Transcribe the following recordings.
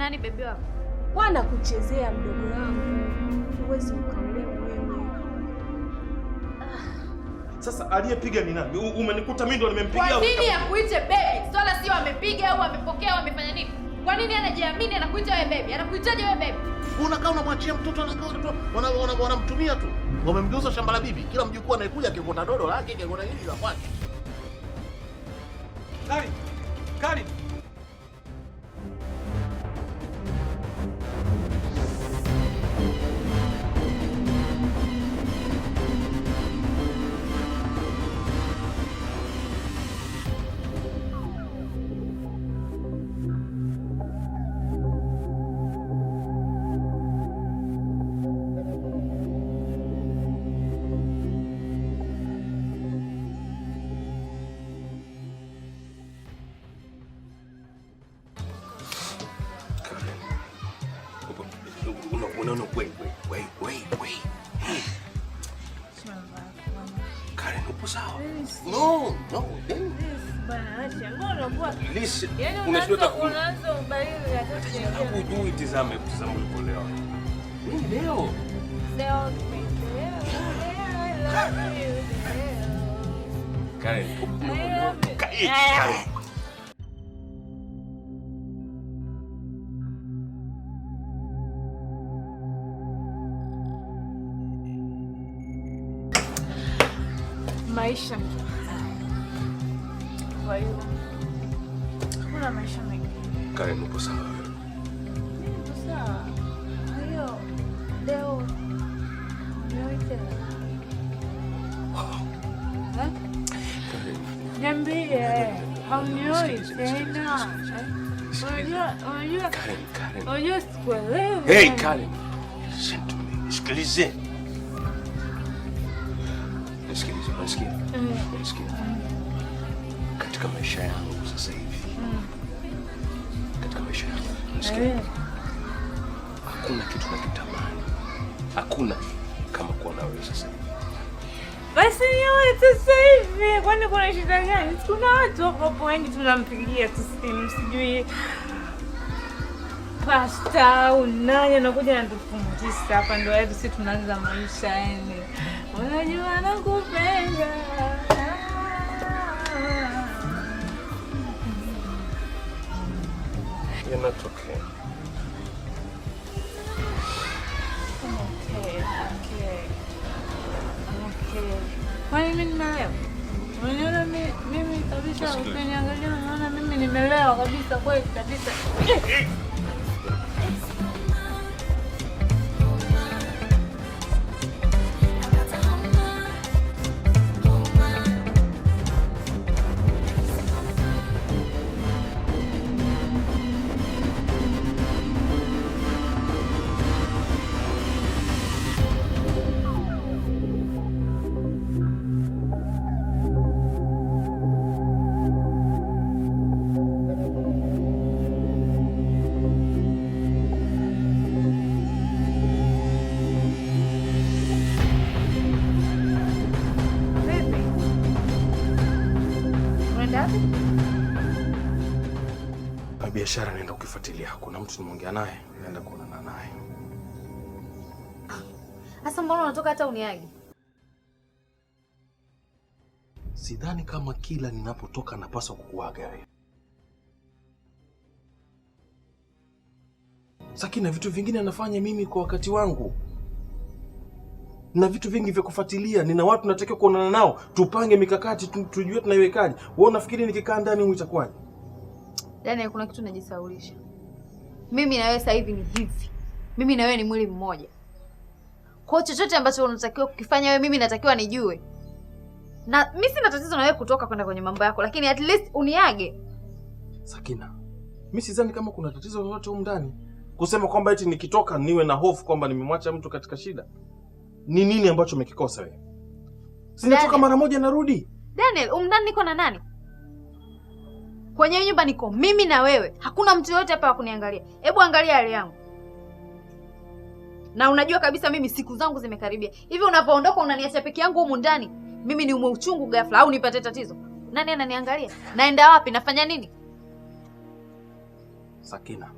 nani bebe wako? Wana kuchezea mdogo wangu, huwezi ukaelewa wewe. Sasa aliyepiga ni nani? Umenikuta mimi ndo nimempiga. Kwa nini akuite baby? Swala sio amepiga au amepokea au amefanya nini? Kwa nini anajiamini anakuita wewe baby? Anakuitaje wewe baby? Unakaa unamwachia mtoto anakaa wanamtumia tu. Wamemgeuza shamba la bibi. Kila mjukuu anayekuja akikota dodo lake, akikota hili la kwake. Kari. Kari. Yaani yaani hujui, tizama tizama ulikolewa. Mimi leo maisha kwa hiyo na Karen, upo sawa? Nipo sawa. Kwa hiyo leo eh? niambie, haunioi tena? Unajua sikuelewi. Nisikilize. Nisikilize, eh. unasikia? Katika maisha yangu Msikia, eh. hakuna kitu nakitamani, hakuna kama kuwa na wewe sasa hivi. Basi niwe sasa hivi, kwani kuna shida gani? Kuna watu hapo wengi tunampigia tu simu, sijui pasta au nani anakuja natufungisa hapa, ndio yetu, si tunaanza maisha yani, unajua nakupenda yanatokea. Okay, okay. Okay. mimi kabisa, mimi nimelewa kabisa, kweli kabisa. biashara naenda kukifuatilia. Kuna mtu nimeongea naye, naenda kuonana naye. Ah, sasa mbona unatoka hata uniagi? Sidhani kama kila ninapotoka napaswa kukuaga wewe. na vitu vingine anafanya mimi kwa wakati wangu, na vitu vingi vya kufuatilia. Nina watu natakiwa kuonana nao, tupange mikakati, tujue tunaiwekaje. Wewe unafikiri nikikaa ndani itakuwaje? Yaani kuna kitu najisaulisha. Mimi na wewe sasa hivi ni hivi, mimi na wewe ni mwili mmoja. Kwa chochote ambacho unatakiwa kukifanya wewe, mimi natakiwa nijue, na mimi sina tatizo na wewe kutoka kwenda kwenye mambo yako, lakini at least uniage. Sakina, mimi sidhani kama kuna tatizo lolote huko ndani kusema kwamba eti nikitoka niwe na hofu kwamba nimemwacha mtu katika shida. Ni nini ambacho umekikosa wewe? Si nitoka mara moja narudi. Daniel, umndani niko na nani? Kwenye nyumba niko mimi na wewe, hakuna mtu yoyote hapa wa kuniangalia. Hebu angalia hali yangu, na unajua kabisa mimi siku zangu zimekaribia. Hivi unapoondoka unaniacha peke yangu humu ndani, mimi niumwe uchungu ghafla au nipate tatizo, nani ananiangalia? Naenda wapi? Nafanya nini? Sakina,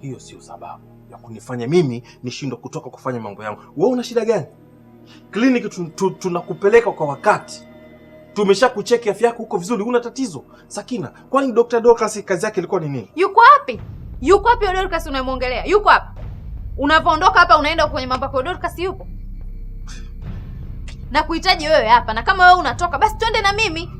hiyo sio sababu ya kunifanya mimi nishindwe kutoka kufanya mambo yangu. Wewe una shida gani? Kliniki tunakupeleka kwa wakati Tumesha kucheki afya yako huko vizuri, una tatizo Sakina. Kwani Dr. Dorcas kazi yake ilikuwa ni nini? Yuko wapi? Yuko wapi Dorcas unayemwongelea? Yuko wapi? Unavyoondoka hapa unaenda kwenye mambo yako, Dorcas yupo? Na kuhitaji wewe hapa, na kama wewe unatoka basi twende na mimi.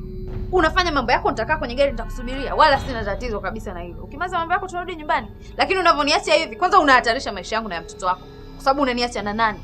Unafanya mambo yako, nitakaa kwenye gari nitakusubiria, wala sina tatizo kabisa na hilo. Ukimaliza mambo yako tunarudi nyumbani, lakini unavyoniacha hivi, kwanza unahatarisha maisha yangu na ya mtoto wako, kwa sababu unaniacha na nani?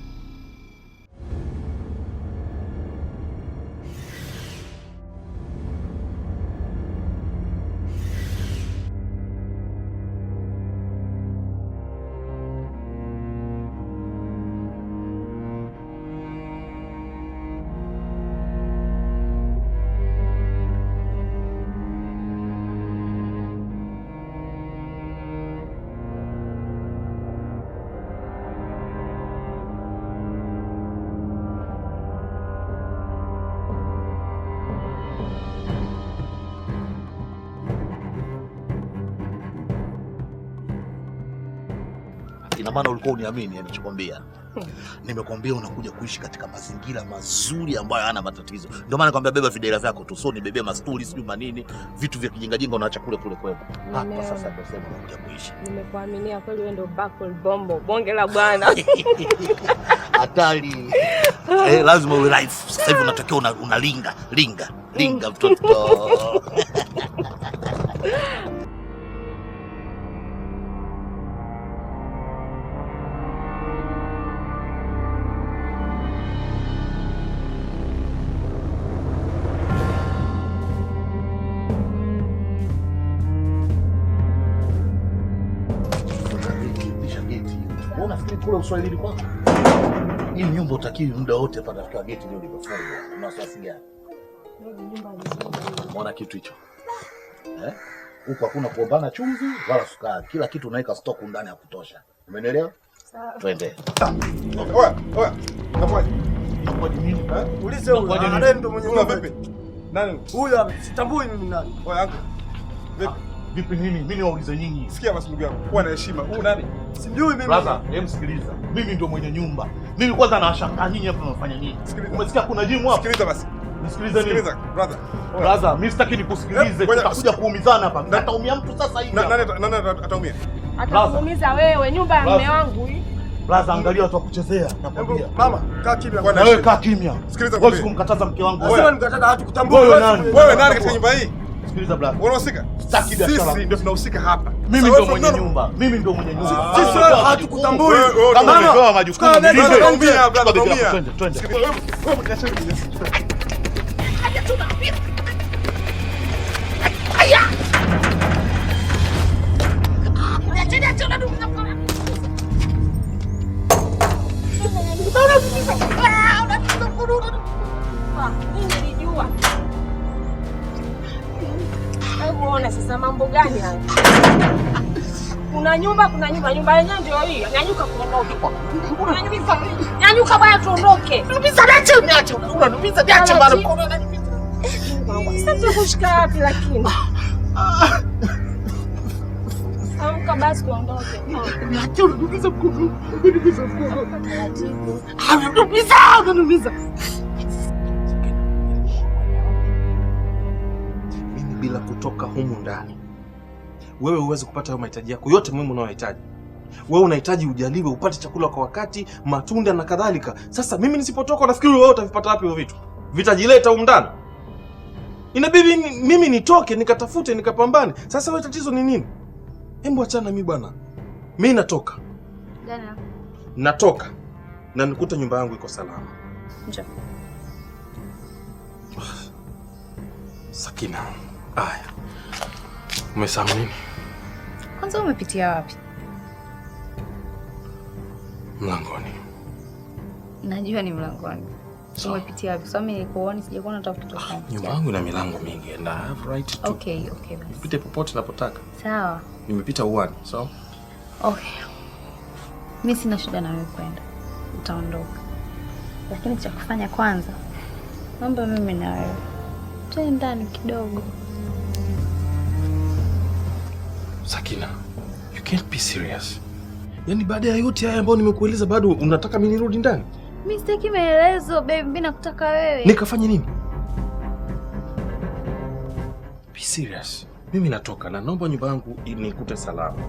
maana ulikuwa uniamini ninachokwambia. Nimekwambia unakuja kuishi katika mazingira mazuri ambayo hayana matatizo. Ndio maana nakwambia beba videra vyako tu, so nibebea masturi sijui manini, vitu vya kijingajinga unaacha kule kule kwepo. Hapa ah, sasa ndio sema unakuja kuishi. Nimekuaminia kweli, wewe ndio Bakol Bombo, bonge la bwana. Hatari. Eh, lazima uwe life. Sasa hivi unatakiwa unalinga, linga, linga mtoto. swali hili kwanza. Hii nyumba utakiwi muda wote hapa tafuta geti leo limefungwa. Una wasiwasi gani? Unaona kitu hicho? Eh? Huko hakuna kuombana chumvi wala sukari. Kila kitu unaweka stock ndani ya kutosha. Umenielewa? Sawa. Twende. Oya, oya. Napoje? Napoje nini? Eh? Ulize huyo. Anaye mtu mwenye vipi? Nani? Huyo sitambui mimi nani. Oya. Vipi? Ah. Vipi nini? Mimi niwaulize nyinyi. Sikia basi ndugu yangu, kuwa na heshima. Huu nani? Sijui mimi. Brother, hem sikiliza. Mimi ndio mwenye nyumba. Mimi kwanza nawashangaa nyinyi hapa mnafanya nini? Sikiliza. Umesikia kuna jimu hapa? Sikiliza basi. Nisikilize nini? Sikiliza brother. Brother, mimi sitaki nikusikilize. Tutakuja kuumizana hapa. Nitaumia mtu sasa hivi. Nani nani ataumia? Atakuumiza wewe, nyumba ya mume wangu hii. Brother, angalia watu wakuchezea, Nakwambia. Mama, kaa kimya bwana. Na wewe kaa kimya. Sikiliza. Wewe kumkataza mke wangu. Wewe unamkataza hata kutambua. Wewe nani katika nyumba hii? Sikiliza black. Unahusika? Sitaki biashara. Sisi ndio tunahusika hapa. Mimi ndio mwenye nyumba. Mimi ndio mwenye nyumba. Sisi ah. wewe hatukutambui. Kama umepewa majukumu. Twende, twende. Unanijua hebu ona sasa mambo gani haya? Kuna nyumba, kuna nyumba, nyumba yenyewe ndio hii. Nyanyuka kuondoke. Unaniumiza. Nyanyuka baya, tuondoke. Unaniumiza niache, niache. Unaniumiza niache mara kwa. Sasa tukushika wapi lakini? Amka basi tuondoke. Niache unaniumiza mkono. Unaniumiza mkono. Unaniumiza. Unaniumiza. bila kutoka humu ndani. Wewe huwezi kupata hayo mahitaji yako yote muhimu unayohitaji. Wewe unahitaji ujaliwe, upate chakula kwa wakati, matunda na kadhalika. Sasa mimi nisipotoka, nafikiri wewe utavipata wapi hivyo vitu? Vitajileta humu ndani. Inabidi mimi nitoke nikatafute nikapambane. Sasa wewe tatizo ni nini? Hebu achana mimi bwana, mimi natoka Dana. Natoka na nikuta nyumba yangu iko salama. Njoo. Sakina. Aya, umesahau nini? Kwanza umepitia wapi? Mlangoni. Najua ni mlangoni. So, umepitia wapi? Sasa mimi nikuone, sijakuwa natafuta kitu Ah, Nyumba yangu ina milango mingi and I have right to. Okay, okay basi. Nipite popote napotaka. Sawa. Nimepita uani. So. Okay. Mimi sina shida na wewe kwenda. Utaondoka. Lakini cha kufanya kwanza, naomba mimi na wewe. Twende ndani kidogo. Sakina, you can't be serious. Yaani baada ya yote haya ambayo nimekueleza bado unataka mimi nirudi ndani? Mimi sitaki maelezo baby, mimi nakutaka wewe. Nikafanye nini? Be serious. Mimi natoka na naomba nyumba yangu inikute salama.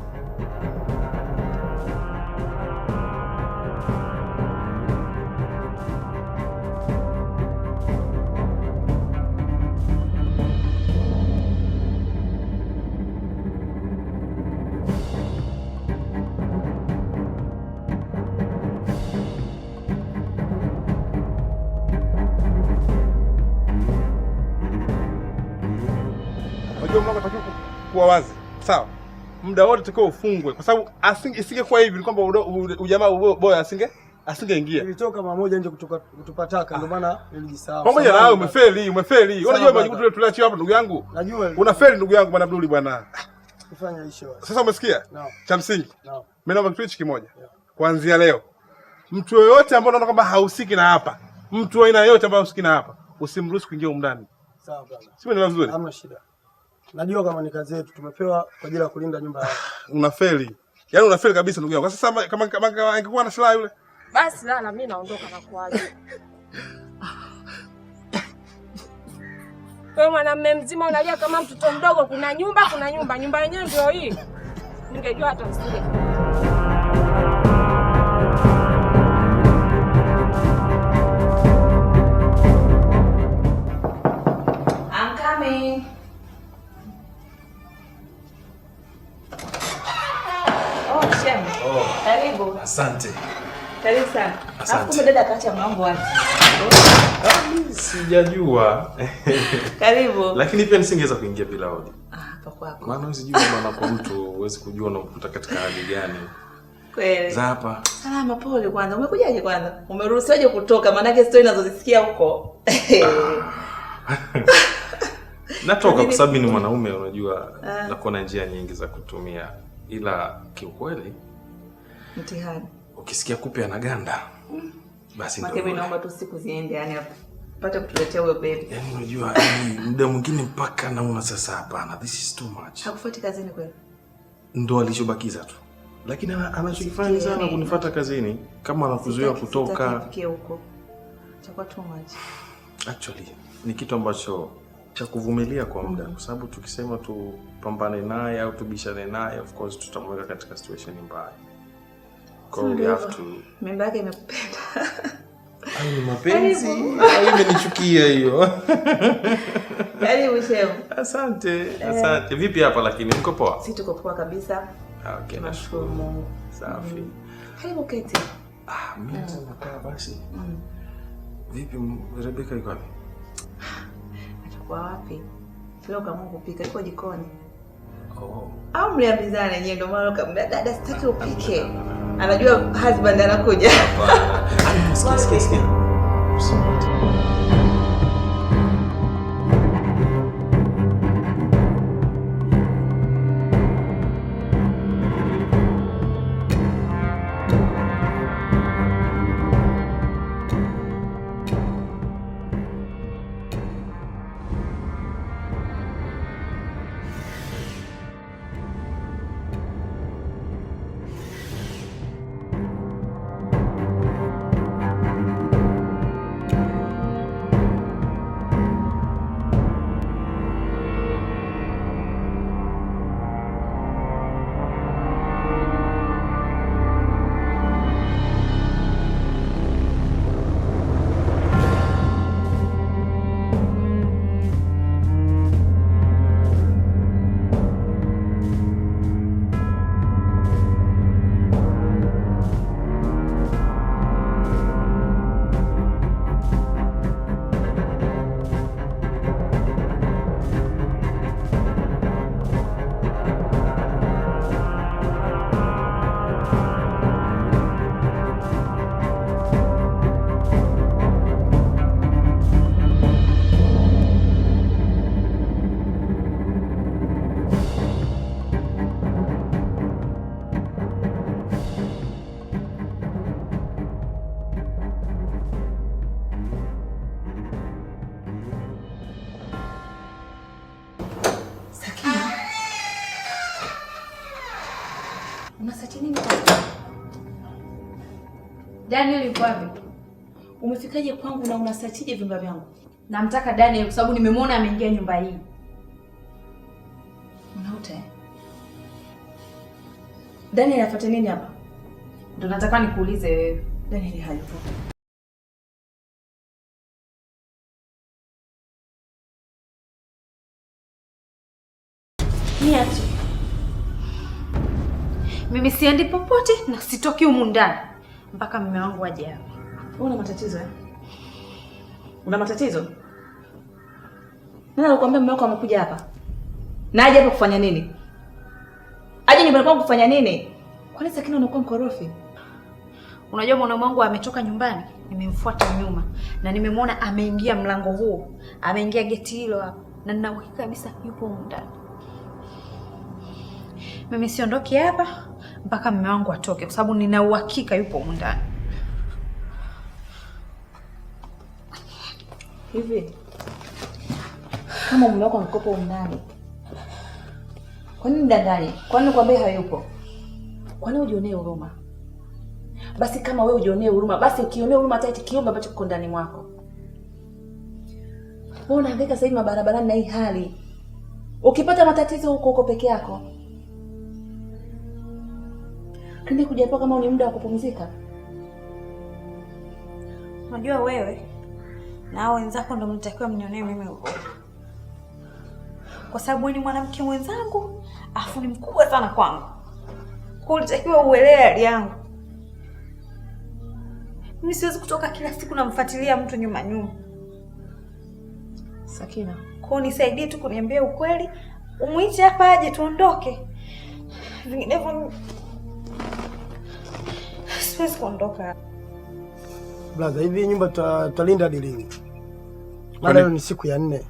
kuwa wazi, sawa, muda wote tukao ufungwe, kwa sababu isingekuwa hivi ni kwamba ujamaa boy asinge asingeingia. Nilitoka mara moja nje kutoka kutupa taka, ndio maana nilijisahau. Kwa moja hayo, umefeli, umefeli. Unajua majibu tule tuliachiwa hapa, ndugu yangu, najua una feli ndugu yangu, bwana Abduli, bwana ah, kufanya hicho sasa. Umesikia no. cha msingi no. mimi naomba kitu kimoja yeah. Kuanzia leo mtu yoyote ambaye unaona kwamba hausiki na hapa, mtu aina yoyote ambaye hausiki na hapa, usimruhusu kuingia huko ndani, sawa bwana? Sio, ndio vizuri, hamna shida. Najua kama ni kazi yetu tumepewa kwa ajili ya kulinda nyumba yako. Unafeli. Yaani unafeli kabisa ndugu yangu. Kwa sasa kama kama angekuwa na silaha yule. Basi lala mimi naondoka na kuaga. Wewe mwanamume mzima unalia kama mtoto mdogo kuna nyumba kuna nyumba nyumba yenyewe ndio hii. Ningejua hata usije. sana. Asante. Karibu sana. Alafu dada kaacha mlango wazi. Ah, sijajua. Karibu. Lakini pia nisingeweza kuingia bila hodi. Ah, hapa kwako. Maana usijua maana kwa mtu huwezi kujua unakuta katika hali gani. Kweli. Za hapa. Salama, pole kwanza. Umekujaje kwanza? Umeruhusiwaje kutoka? Maana yake story nazozisikia huko. Ah. Natoka kwa sababu ni mwanaume unajua, ah, nakuwa na njia nyingi za kutumia ila kiukweli mtihani. Ukisikia kupe ana ganda Basi ndio. Mimi naomba tu siku ziende yani apate kutuletea huyo baby. Yaani unajua muda mwingine mpaka naona sasa hapana. This is too much. Hakufuati kazini kweli? Ndo alichobakiza tu. Lakini anachokifanya sana kunifuata kazini kama anakuzuia kutoka. Tufikie huko. Chakua too much. Actually, ni kitu ambacho cha kuvumilia kwa muda mm -hmm. Kwa sababu tukisema tupambane naye au tubishane naye, of course tutamweka katika situation mbaya. Mimba yake imekupenda. Ni mapenzi imenichukia hiyo. Yaani asante, eh. asante. Vipi hapa lakini mko poa? Si tuko poa kabisa. Ah, okay, nashukuru Mungu. Safi. Mm. Karibu keti. Ah, mimi eh. nataka basi. Mm. Vipi Rebeka yuko wapi? Atakuwa wapi? Leo kama kupika yuko jikoni. Oh. Au mliambizana yenyewe ndio maana ukamwambia dada sitaki upike. Ah, ah, anajua husband anakuja. nini? Daniel yuko wapi? Umefikaje kwangu na unasachije vyumba vyangu? Namtaka Daniel kwa sababu nimemwona ameingia nyumba hii. Unaota? Eh? Daniel afuate nini hapa? Ndio nataka nikuulize wewe. Daniel hayupo. siendi popote na sitoki humu ndani mpaka mume wangu aje hapa. Una matatizo eh? Una matatizo? Nani alikwambia mume wako amekuja hapa? Na aje hapa kufanya nini? Aje nyumbani kwangu kufanya nini? Kwa nini Sakina unakuwa mkorofi? Unajua mwanaume wangu ametoka nyumbani, nimemfuata nyuma na nimemwona ameingia mlango huo, ameingia geti hilo hapa, na nina uhakika kabisa yupo humu ndani. Mimi siondoki hapa mpaka mume wangu atoke, kwa sababu nina uhakika yupo humu ndani. Hivi kama mume wako amekopa humu ndani, kwa nini ndani? Kwa nini kwambie hayupo? Kwa nini ujionee huruma? Basi kama wewe ujionee huruma, basi ukionee huruma hata kiumbe ambacho kiko ndani mwako. Wewe unahangaika sasa hivi mabarabarani na hii hali, ukipata matatizo huko huko peke yako Twende kuja hapa kama ni muda wa kupumzika. Unajua wewe na wenzako ndio mtakiwa mnionee mimi huko, kwa sababu ni mwanamke mwenzangu, afu ni mkubwa sana kwangu, kwa ulitakiwa uelewe hali yangu. Mimi siwezi kutoka kila siku namfuatilia mtu nyuma nyuma. Sakina, kwa nisaidie tu kuniambia ukweli, umwiche hapa aje tuondoke, vinginevyo siwezi kuondoka Brother, Hivi nyumba tutalinda hadi lini? Maana leo ni siku ya nne,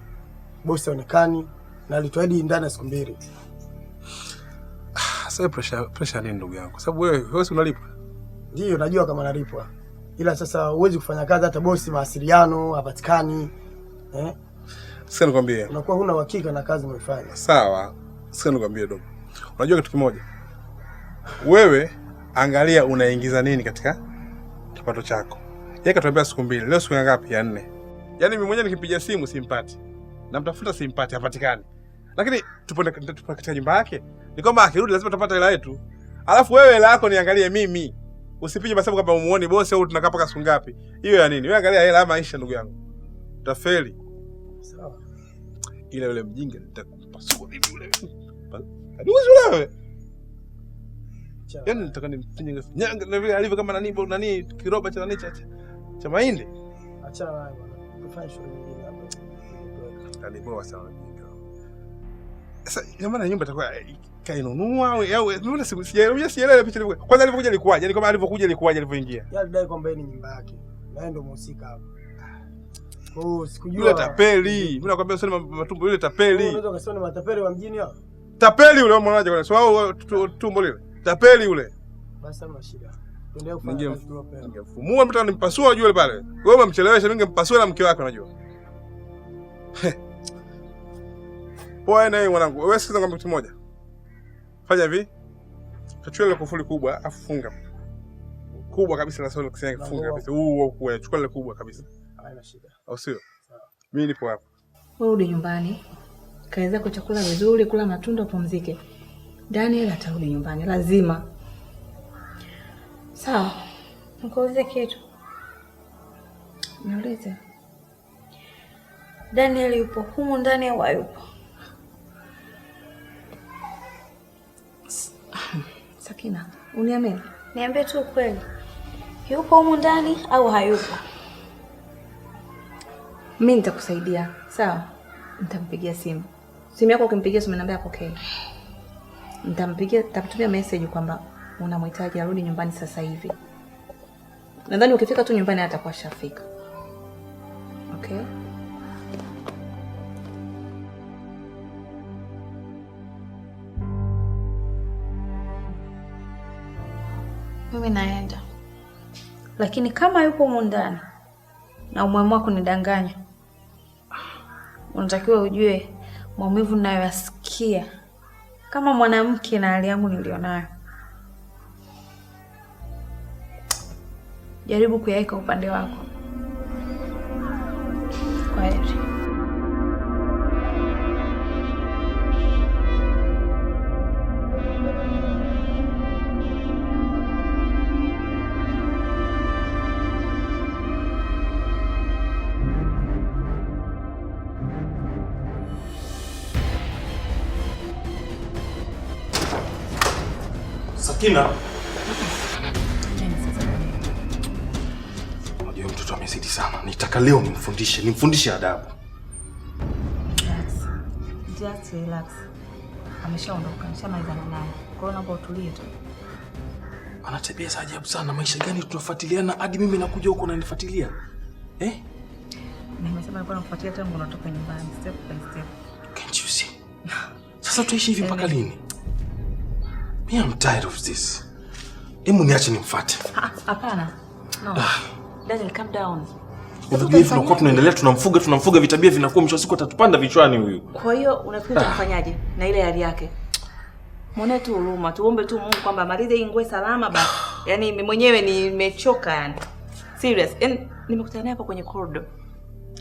bosi aonekani na alituahidi ndani ya siku mbili. Ah, sasa pressure pressure nini ndugu yangu? sababu wewe wewe si unalipwa? Ndio, najua kama nalipwa, ila sasa huwezi kufanya kazi, hata bosi mawasiliano hapatikani eh? Sasa nikwambie, unakuwa huna uhakika na kazi unaifanya. Sawa, sasa nikwambie dogo, unajua kitu kimoja, wewe angalia unaingiza nini katika kipato chako. Yeye katuambia siku mbili, leo siku ya ngapi? Ya nne. Yaani mimi mwenyewe nikipiga simu simpati, namtafuta simpati, hapatikani, lakini tupo katika nyumba yake, ni kwamba akirudi lazima tupata hela yetu. Alafu wewe hela yako niangalie mimi, usipige mahesabu kwamba umuone bosi au tunakaa mpaka siku ngapi. Hiyo ya nini? Wewe angalia hela, maisha ndugu yangu, utafeli sawa. Ila yule mjinga nitakumpasua mimi, yule wewe Yaani nataka nimfinye nyanga na vile alivyo kama nani nani kiroba cha nani cha cha mahindi. Acha shughuli nyingine Ndio bora sana. Sasa jamani nyumba itakuwa eh, kainunua au au eh, mbona sijaelewa sijaelewa picha Kwanza alivyokuja ilikuwaje? Yaani kama alivyokuja ilikuwaje alivyoingia? Yaani yeye alidai kwamba ni nyumba yake. Na yeye ndio mhusika hapo. Oh, sikujua. Yule tapeli. Mimi nakwambia matumbo yule tapeli. Unaweza kusema matapeli wa mjini Tapeli mwanaje kwa sababu tumbo lile tapeli yule. Basi hamna shida. Tuendelee kufanya Ningemfumua mtu nimpasua yule pale. Wewe umemchelewesha, ningempasua na mke wake unajua. Poa naye mwanangu. Wewe sikiza kwamba moja. Fanya hivi. Kachukua ile kufuli kubwa afu funga. Kubwa kabisa na sio kusenga kufunga kabisa. Huu au kwa chukua ile kubwa kabisa. Haina shida. Au sio? Mimi nipo hapa. Wewe rudi nyumbani. kaweza kuchakula vizuri, kula matunda, upumzike. Daniel atarudi nyumbani lazima. Sawa, nikuulize kitu. Niulize. Daniel yupo humu ndani au hayupo? Sakina, uniambie. Niambie tu kweli, yupo humu ndani au hayupo? Mimi nitakusaidia sawa, nitampigia simu. Simu yako ukimpigia simu namba yako okay nitampigia nitamtumia message kwamba unamhitaji arudi nyumbani sasa hivi. Nadhani ukifika tu nyumbani atakuwa shafika. Okay? Mimi naenda, lakini kama yupo humu ndani na umeamua kunidanganya, unatakiwa ujue maumivu ninayoyasikia kama mwanamke na hali yangu nilionayo, jaribu kuyaweka upande wako. Sakina, unajua mtoto amezidi sana, nitaka leo nimfundishe, nimfundishe adabu. Just relax. Ameshaondoka, nishamalizana naye. Kwa hiyo naomba utulie tu. Ana tabia za ajabu sana. Maisha gani tunafuatiliana hadi mimi nakuja huko unanifuatilia? Eh? Nimesema nilikuwa nakufuatilia tangu unatoka nyumbani, step by step. Can't you see? Sasa tuishi hivi mpaka lini? Me, I'm tired of this. Hebu niache nimfuate. Ah, hapana. No. Ah. Daniel, calm down. Tunakuwa tunaendelea tunamfuga tunamfuga vitabia vinakuwa mwisho siku atatupanda vichwani huyu. Kwa hiyo unafikiri ah. tutafanyaje na ile hali yake? Muone tu huruma, tuombe tu Mungu kwamba malize ingwe salama basi. Yaani mimi mwenyewe nimechoka yani. Serious. Yaani nimekutana naye hapa kwenye corridor.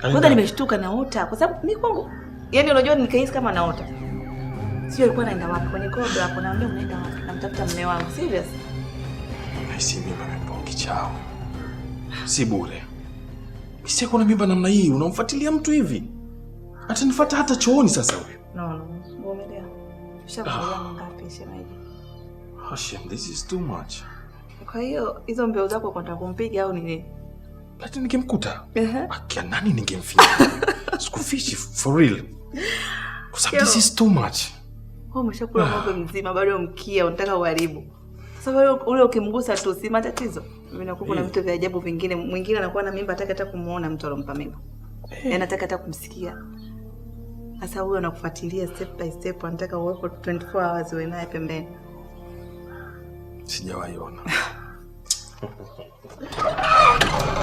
Kwanza nimeshtuka naota kwa sababu mimi kwangu yani unajua nikahisi kama naota. Sio alikuwa anaenda wapi? Kwenye hapo naambia unaenda wapi? Namtafuta mume wangu. Serious? mimba na mpongi chao. Si bure. Misi kuna mimba namna hii unamfuatilia mtu hivi? Atanifuata hata chooni sasa huyu. No no. Ngomelea. Ah. Oh, this is too much. Kwa hiyo hizo mbio zako kwenda kumpiga au nini? Lakini nikimkuta. Akia nani ningemfinya? Sikufishi for real. Kwa sababu this is too much. Wewe umeshakula mwaka mzima bado mkia unataka uharibu. Sasa wewe ule ukimgusa tu si matatizo. Mimi nakuwa kuna eh. vitu vya ajabu vingine. Mwingine anakuwa na mimba hataki hata kumuona mtu alompa mimba. Hey. Eh. Anataka hata kumsikia. Sasa huyo anakufuatilia step by step, anataka uwepo 24 hours wewe naye pembeni. Sijawahi